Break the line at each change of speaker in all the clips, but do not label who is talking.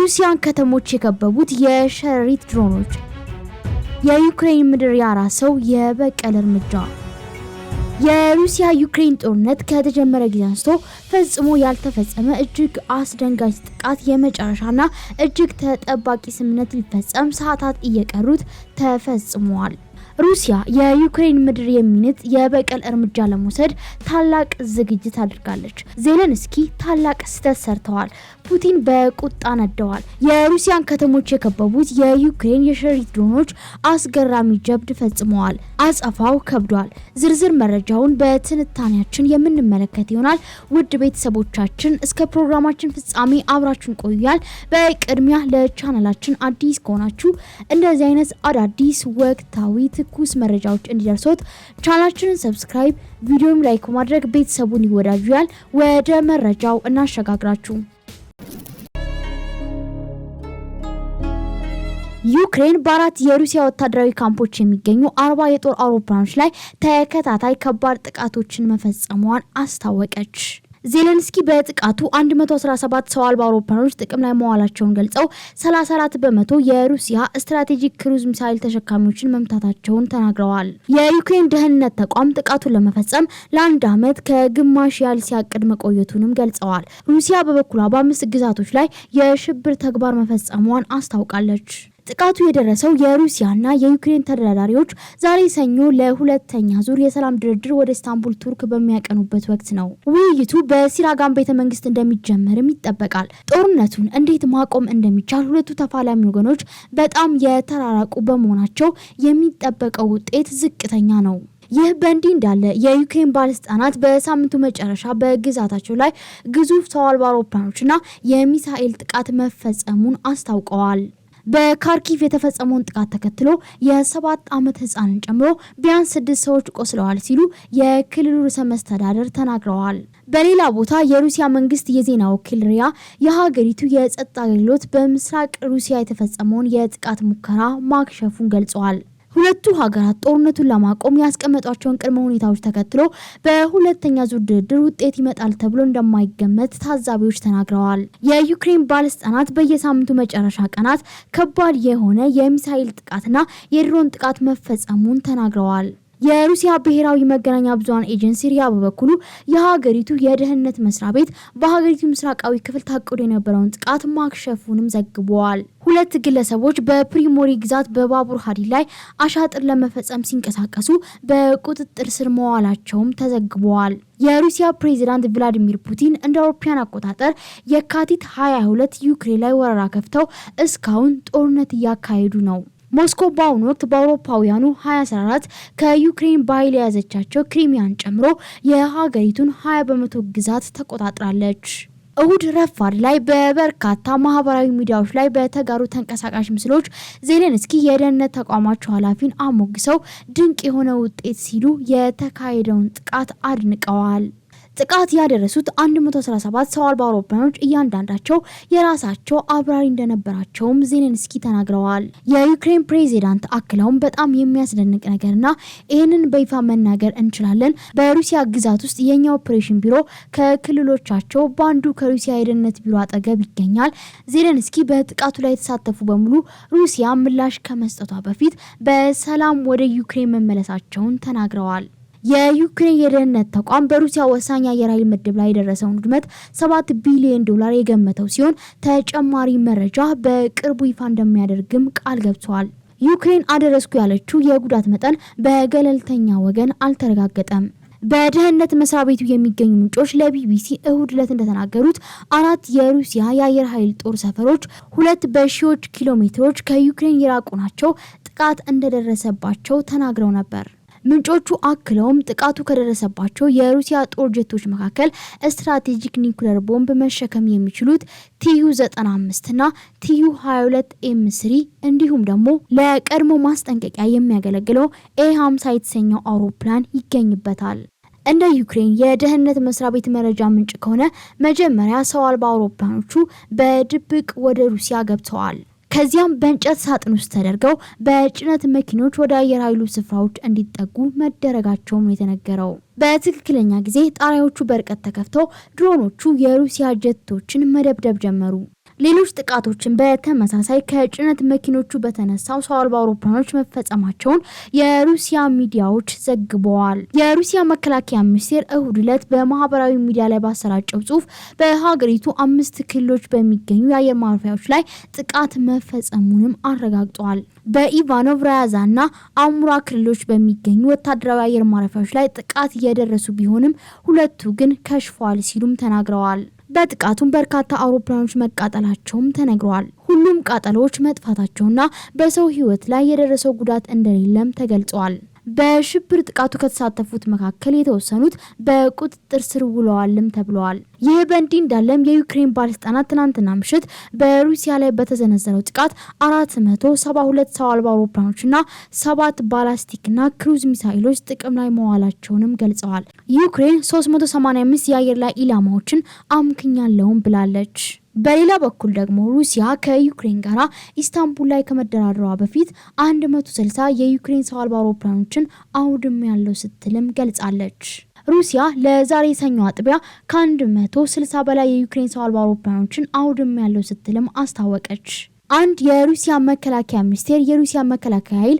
የሩሲያን ከተሞች የከበቡት የሸረሪት ድሮኖች የዩክሬን ምድር ያራሰው የበቀል እርምጃ። የሩሲያ ዩክሬን ጦርነት ከተጀመረ ጊዜ አንስቶ ፈጽሞ ያልተፈጸመ እጅግ አስደንጋጭ ጥቃት፣ የመጨረሻና እጅግ ተጠባቂ ስምምነት ሊፈጸም ሰዓታት እየቀሩት ተፈጽመዋል። ሩሲያ የዩክሬን ምድር የሚንጥ የበቀል እርምጃ ለመውሰድ ታላቅ ዝግጅት አድርጋለች። ዜሌንስኪ ታላቅ ስህተት ሰርተዋል፣ ፑቲን በቁጣ ነደዋል። የሩሲያን ከተሞች የከበቡት የዩክሬን የሸሪት ድሮኖች አስገራሚ ጀብድ ፈጽመዋል። አጸፋው ከብዷል። ዝርዝር መረጃውን በትንታኔያችን የምንመለከት ይሆናል። ውድ ቤተሰቦቻችን እስከ ፕሮግራማችን ፍጻሜ አብራችን ቆያል። በቅድሚያ ለቻናላችን አዲስ ከሆናችሁ እንደዚህ አይነት አዳዲስ ወቅታዊ ትኩስ መረጃዎች እንዲደርሶት ቻናላችንን ሰብስክራይብ፣ ቪዲዮም ላይክ በማድረግ ቤተሰቡን ይወዳጁያል። ወደ መረጃው እናሸጋግራችሁ። ዩክሬን በአራት የሩሲያ ወታደራዊ ካምፖች የሚገኙ አርባ የጦር አውሮፕላኖች ላይ ተከታታይ ከባድ ጥቃቶችን መፈጸመዋን አስታወቀች። ዜሌንስኪ በጥቃቱ 117 ሰው አልባ አውሮፕላኖች ጥቅም ላይ መዋላቸውን ገልጸው 34 በመቶ የሩሲያ ስትራቴጂክ ክሩዝ ሚሳይል ተሸካሚዎችን መምታታቸውን ተናግረዋል። የዩክሬን ደህንነት ተቋም ጥቃቱን ለመፈጸም ለአንድ ዓመት ከግማሽ ያህል ሲያቅድ መቆየቱንም ገልጸዋል። ሩሲያ በበኩሏ በአምስት ግዛቶች ላይ የሽብር ተግባር መፈጸሟን አስታውቃለች። ጥቃቱ የደረሰው የሩሲያና የዩክሬን ተደራዳሪዎች ዛሬ ሰኞ ለሁለተኛ ዙር የሰላም ድርድር ወደ ኢስታንቡል ቱርክ በሚያቀኑበት ወቅት ነው። ውይይቱ በሲራጋን ቤተ መንግስት እንደሚጀመርም ይጠበቃል። ጦርነቱን እንዴት ማቆም እንደሚቻል ሁለቱ ተፋላሚ ወገኖች በጣም የተራራቁ በመሆናቸው የሚጠበቀው ውጤት ዝቅተኛ ነው። ይህ በእንዲህ እንዳለ የዩክሬን ባለስልጣናት በሳምንቱ መጨረሻ በግዛታቸው ላይ ግዙፍ ሰው አልባ አውሮፕላኖችና የሚሳኤል ጥቃት መፈጸሙን አስታውቀዋል። በካርኪቭ የተፈጸመውን ጥቃት ተከትሎ የሰባት ዓመት ህፃንን ጨምሮ ቢያንስ ስድስት ሰዎች ቆስለዋል ሲሉ የክልሉ ርዕሰ መስተዳደር ተናግረዋል። በሌላ ቦታ የሩሲያ መንግስት የዜና ወኪል ሪያ የሀገሪቱ የጸጥታ አገልግሎት በምስራቅ ሩሲያ የተፈጸመውን የጥቃት ሙከራ ማክሸፉን ገልጸዋል። ሁለቱ ሀገራት ጦርነቱን ለማቆም ያስቀመጧቸውን ቅድመ ሁኔታዎች ተከትሎ በሁለተኛ ዙር ድርድር ውጤት ይመጣል ተብሎ እንደማይገመት ታዛቢዎች ተናግረዋል። የዩክሬን ባለስልጣናት በየሳምንቱ መጨረሻ ቀናት ከባድ የሆነ የሚሳኤል ጥቃትና የድሮን ጥቃት መፈጸሙን ተናግረዋል። የሩሲያ ብሔራዊ መገናኛ ብዙሃን ኤጀንሲ ሪያ በበኩሉ የሀገሪቱ የደህንነት መስሪያ ቤት በሀገሪቱ ምስራቃዊ ክፍል ታቅዶ የነበረውን ጥቃት ማክሸፉንም ዘግቧል። ሁለት ግለሰቦች በፕሪሞሪ ግዛት በባቡር ሀዲድ ላይ አሻጥር ለመፈጸም ሲንቀሳቀሱ በቁጥጥር ስር መዋላቸውም ተዘግበዋል። የሩሲያ ፕሬዚዳንት ቭላዲሚር ፑቲን እንደ አውሮፓውያን አቆጣጠር የካቲት 22 ዩክሬን ላይ ወረራ ከፍተው እስካሁን ጦርነት እያካሄዱ ነው። ሞስኮ በአሁኑ ወቅት በአውሮፓውያኑ 2014 ከዩክሬን በኃይል የያዘቻቸው ክሪሚያን ጨምሮ የሀገሪቱን 20 በመቶ ግዛት ተቆጣጥራለች። እሁድ ረፋድ ላይ በበርካታ ማህበራዊ ሚዲያዎች ላይ በተጋሩ ተንቀሳቃሽ ምስሎች ዜሌንስኪ የደህንነት ተቋማቸው ኃላፊን አሞግሰው ድንቅ የሆነ ውጤት ሲሉ የተካሄደውን ጥቃት አድንቀዋል። ጥቃት ያደረሱት 137 ሰው አልባ አውሮፕላኖች እያንዳንዳቸው የራሳቸው አብራሪ እንደነበራቸውም ዜሌንስኪ ተናግረዋል። የዩክሬን ፕሬዚዳንት አክለውም በጣም የሚያስደንቅ ነገርና ይህንን በይፋ መናገር እንችላለን፣ በሩሲያ ግዛት ውስጥ የኛ ኦፕሬሽን ቢሮ ከክልሎቻቸው በአንዱ ከሩሲያ የደህንነት ቢሮ አጠገብ ይገኛል። ዜሌንስኪ በጥቃቱ ላይ የተሳተፉ በሙሉ ሩሲያ ምላሽ ከመስጠቷ በፊት በሰላም ወደ ዩክሬን መመለሳቸውን ተናግረዋል። የዩክሬን የደህንነት ተቋም በሩሲያ ወሳኝ የአየር ኃይል ምድብ ላይ የደረሰውን ውድመት ሰባት ቢሊዮን ዶላር የገመተው ሲሆን ተጨማሪ መረጃ በቅርቡ ይፋ እንደሚያደርግም ቃል ገብተዋል። ዩክሬን አደረስኩ ያለችው የጉዳት መጠን በገለልተኛ ወገን አልተረጋገጠም። በደህንነት መስሪያ ቤቱ የሚገኙ ምንጮች ለቢቢሲ እሁድ ዕለት እንደተናገሩት አራት የሩሲያ የአየር ኃይል ጦር ሰፈሮች ሁለት በሺዎች ኪሎ ሜትሮች ከዩክሬን የራቁ ናቸው ጥቃት እንደደረሰባቸው ተናግረው ነበር። ምንጮቹ አክለውም ጥቃቱ ከደረሰባቸው የሩሲያ ጦር ጀቶች መካከል ስትራቴጂክ ኒውክለር ቦምብ መሸከም የሚችሉት ቲዩ 95 ና ቲዩ 22 ኤም 3 እንዲሁም ደግሞ ለቀድሞ ማስጠንቀቂያ የሚያገለግለው ኤ 50 የተሰኘው አውሮፕላን ይገኝበታል። እንደ ዩክሬን የደህንነት መስሪያ ቤት መረጃ ምንጭ ከሆነ መጀመሪያ ሰው አልባ አውሮፕላኖቹ በድብቅ ወደ ሩሲያ ገብተዋል። ከዚያም በእንጨት ሳጥን ውስጥ ተደርገው በጭነት መኪኖች ወደ አየር ኃይሉ ስፍራዎች እንዲጠጉ መደረጋቸውም የተነገረው በትክክለኛ ጊዜ ጣሪያዎቹ በርቀት ተከፍተው ድሮኖቹ የሩሲያ ጀቶችን መደብደብ ጀመሩ። ሌሎች ጥቃቶችን በተመሳሳይ ከጭነት መኪኖቹ በተነሳው ሰው አልባ አውሮፕላኖች መፈጸማቸውን የሩሲያ ሚዲያዎች ዘግበዋል። የሩሲያ መከላከያ ሚኒስቴር እሁድ ዕለት በማህበራዊ ሚዲያ ላይ ባሰራጨው ጽሁፍ በሀገሪቱ አምስት ክልሎች በሚገኙ የአየር ማረፊያዎች ላይ ጥቃት መፈጸሙንም አረጋግጧል። በኢቫኖቭ ራያዛና አሙራ ክልሎች በሚገኙ ወታደራዊ አየር ማረፊያዎች ላይ ጥቃት እየደረሱ ቢሆንም ሁለቱ ግን ከሽፏል ሲሉም ተናግረዋል። በጥቃቱም በርካታ አውሮፕላኖች መቃጠላቸውም ተነግረዋል። ሁሉም ቃጠሎዎች መጥፋታቸውና በሰው ሕይወት ላይ የደረሰው ጉዳት እንደሌለም ተገልጸዋል። በሽብር ጥቃቱ ከተሳተፉት መካከል የተወሰኑት በቁጥጥር ስር ውለዋልም ተብለዋል። ይህ በእንዲህ እንዳለም የዩክሬን ባለስልጣናት ትናንትና ምሽት በሩሲያ ላይ በተዘነዘረው ጥቃት አራት መቶ ሰባ ሁለት ሰው አልባ አውሮፕላኖችና ሰባት ባላስቲክና ክሩዝ ሚሳይሎች ጥቅም ላይ መዋላቸውንም ገልጸዋል። ዩክሬን 385 የአየር ላይ ኢላማዎችን አምክኛለውም ብላለች። በሌላ በኩል ደግሞ ሩሲያ ከዩክሬን ጋር ኢስታንቡል ላይ ከመደራደሯ በፊት 160 የዩክሬን ሰው አልባ አውሮፕላኖችን አውድም ያለው ስትልም ገልጻለች። ሩሲያ ለዛሬ ሰኞ አጥቢያ ከ160 በላይ የዩክሬን ሰው አልባ አውሮፕላኖችን አውድም ያለው ስትልም አስታወቀች። አንድ የሩሲያ መከላከያ ሚኒስቴር የሩሲያ መከላከያ ኃይል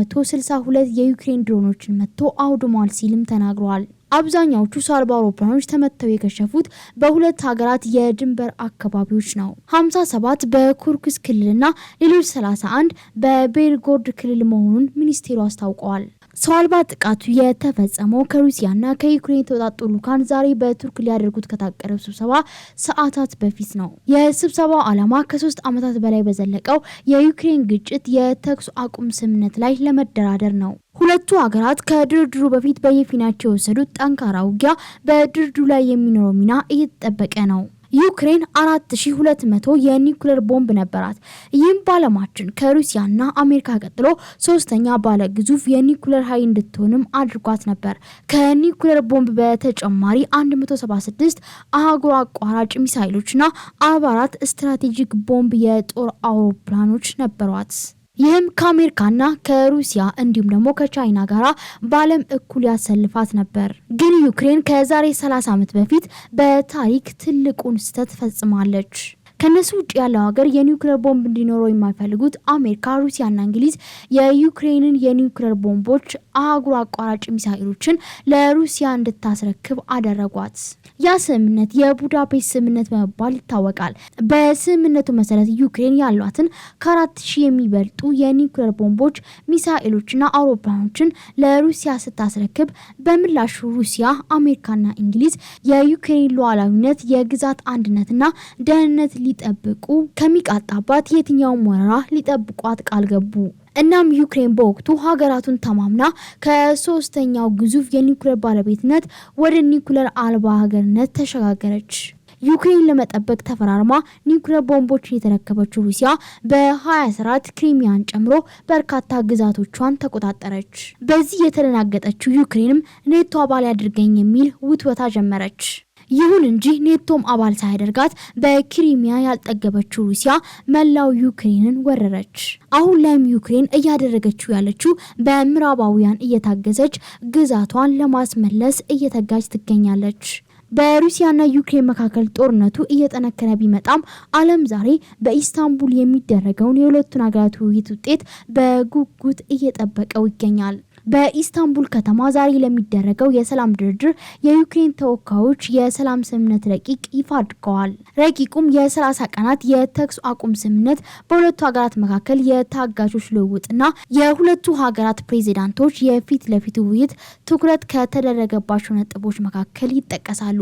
162 የዩክሬን ድሮኖችን መጥቶ አውድሟል ሲልም ተናግሯል። አብዛኛዎቹ ሰው አልባ አውሮፕላኖች ተመተው የከሸፉት በሁለት ሀገራት የድንበር አካባቢዎች ነው። 57 በኩርክስ ክልልና ሌሎች 31 በቤልጎርድ ክልል መሆኑን ሚኒስቴሩ አስታውቀዋል። ሰው አልባ ጥቃቱ የተፈጸመው ከሩሲያና ከዩክሬን የተውጣጡ ልዑካን ዛሬ በቱርክ ሊያደርጉት ከታቀረው ስብሰባ ሰዓታት በፊት ነው። የስብሰባው ዓላማ ከሶስት ዓመታት በላይ በዘለቀው የዩክሬን ግጭት የተኩስ አቁም ስምምነት ላይ ለመደራደር ነው። ሁለቱ ሀገራት ከድርድሩ በፊት በየፊናቸው የወሰዱት ጠንካራ ውጊያ በድርድሩ ላይ የሚኖረው ሚና እየተጠበቀ ነው። ዩክሬን 4200 የኒውክሌር ቦምብ ነበራት። ይህም በዓለማችን ከሩሲያና አሜሪካ ቀጥሎ ሶስተኛ ባለ ግዙፍ የኒውክሌር ኃይል እንድትሆንም አድርጓት ነበር። ከኒውክሌር ቦምብ በተጨማሪ 176 አህጉር አቋራጭ ሚሳይሎችና 44 ስትራቴጂክ ቦምብ የጦር አውሮፕላኖች ነበሯት። ይህም ከአሜሪካና ከሩሲያ እንዲሁም ደግሞ ከቻይና ጋር በዓለም እኩል ያሰልፋት ነበር። ግን ዩክሬን ከዛሬ 30 ዓመት በፊት በታሪክ ትልቁን ስህተት ፈጽማለች። ከነሱ ውጭ ያለው ሀገር የኒውክሌር ቦምብ እንዲኖረው የማይፈልጉት አሜሪካ፣ ሩሲያና እንግሊዝ የዩክሬንን የኒውክሌር ቦምቦች አህጉር አቋራጭ ሚሳኤሎችን ለሩሲያ እንድታስረክብ አደረጓት። ያ ስምምነት የቡዳፔስት ስምምነት በመባል ይታወቃል። በስምምነቱ መሰረት ዩክሬን ያሏትን ከአራት ሺህ የሚበልጡ የኒውክሌር ቦምቦች፣ ሚሳኤሎችና አውሮፕላኖችን ለሩሲያ ስታስረክብ በምላሹ ሩሲያ፣ አሜሪካና እንግሊዝ የዩክሬን ሉዓላዊነት፣ የግዛት አንድነትና ደህንነት ሊጠብቁ ከሚቃጣባት የትኛውም ወረራ ሊጠብቋት ቃል ገቡ። እናም ዩክሬን በወቅቱ ሀገራቱን ተማምና ከሶስተኛው ግዙፍ የኒኩሌር ባለቤትነት ወደ ኒኩሌር አልባ ሀገርነት ተሸጋገረች። ዩክሬን ለመጠበቅ ተፈራርማ ኒኩሌር ቦምቦችን የተረከበችው ሩሲያ በ 24 ክሪሚያን ጨምሮ በርካታ ግዛቶቿን ተቆጣጠረች። በዚህ የተደናገጠችው ዩክሬንም ኔቶ አባል ያድርገኝ የሚል ውትወታ ጀመረች። ይሁን እንጂ ኔቶም አባል ሳያደርጋት በክሪሚያ ያልጠገበችው ሩሲያ መላው ዩክሬንን ወረረች። አሁን ላይም ዩክሬን እያደረገችው ያለችው በምዕራባውያን እየታገዘች ግዛቷን ለማስመለስ እየተጋጅ ትገኛለች። በሩሲያና ዩክሬን መካከል ጦርነቱ እየጠነከረ ቢመጣም ዓለም ዛሬ በኢስታንቡል የሚደረገውን የሁለቱን ሀገራት ውይይት ውጤት በጉጉት እየጠበቀው ይገኛል። በኢስታንቡል ከተማ ዛሬ ለሚደረገው የሰላም ድርድር የዩክሬን ተወካዮች የሰላም ስምምነት ረቂቅ ይፋ አድርገዋል። ረቂቁም የ30 ቀናት የተኩስ አቁም ስምምነት በሁለቱ ሀገራት መካከል የታጋቾች ልውውጥና የሁለቱ ሀገራት ፕሬዚዳንቶች የፊት ለፊት ውይይት ትኩረት ከተደረገባቸው ነጥቦች መካከል ይጠቀሳሉ።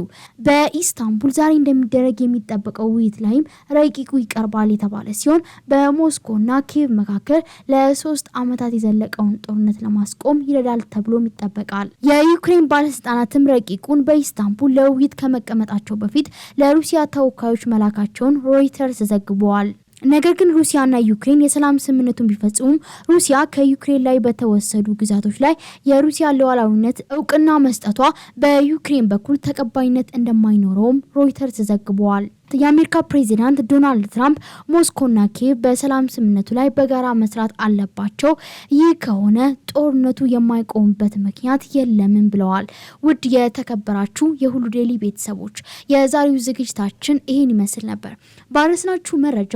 በኢስታንቡል ዛሬ እንደሚደረግ የሚጠበቀው ውይይት ላይም ረቂቁ ይቀርባል የተባለ ሲሆን በሞስኮና ኪየቭ መካከል ለሶስት ዓመታት የዘለቀውን ጦርነት ለማስቆም ለመቋቋም ይረዳል ተብሎም ይጠበቃል። የዩክሬን ባለስልጣናትም ረቂቁን በኢስታንቡል ለውይይት ከመቀመጣቸው በፊት ለሩሲያ ተወካዮች መላካቸውን ሮይተርስ ዘግበዋል። ነገር ግን ሩሲያና ዩክሬን የሰላም ስምምነቱን ቢፈጽሙም ሩሲያ ከዩክሬን ላይ በተወሰዱ ግዛቶች ላይ የሩሲያ ሉዓላዊነት እውቅና መስጠቷ በዩክሬን በኩል ተቀባይነት እንደማይኖረውም ሮይተርስ ዘግበዋል። የአሜሪካ ፕሬዚዳንት ዶናልድ ትራምፕ ሞስኮና ኪየቭ በሰላም ስምምነቱ ላይ በጋራ መስራት አለባቸው፣ ይህ ከሆነ ጦርነቱ የማይቆምበት ምክንያት የለምን ብለዋል። ውድ የተከበራችሁ የሁሉ ዴይሊ ቤተሰቦች የዛሬው ዝግጅታችን ይህን ይመስል ነበር። ባረስናችሁ መረጃ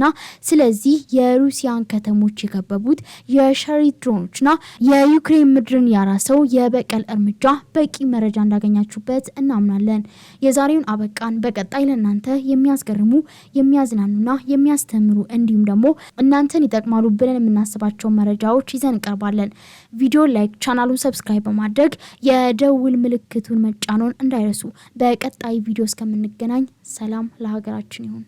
ና ስለዚህ የሩሲያን ከተሞች የከበቡት የሸሪት ድሮኖችና የዩክሬን ምድርን ያራሰው የበቀል እርምጃ በቂ መረጃ እንዳገኛችሁበት እናምናለን። የዛሬውን አበቃ። አበቃን። በቀጣይ ለእናንተ የሚያስገርሙ የሚያዝናኑና የሚያስተምሩ እንዲሁም ደግሞ እናንተን ይጠቅማሉ ብለን የምናስባቸው መረጃዎች ይዘን እንቀርባለን። ቪዲዮ ላይክ፣ ቻናሉን ሰብስክራይብ በማድረግ የደውል ምልክቱን መጫኖን እንዳይረሱ። በቀጣይ ቪዲዮ እስከምንገናኝ ሰላም ለሀገራችን ይሁን።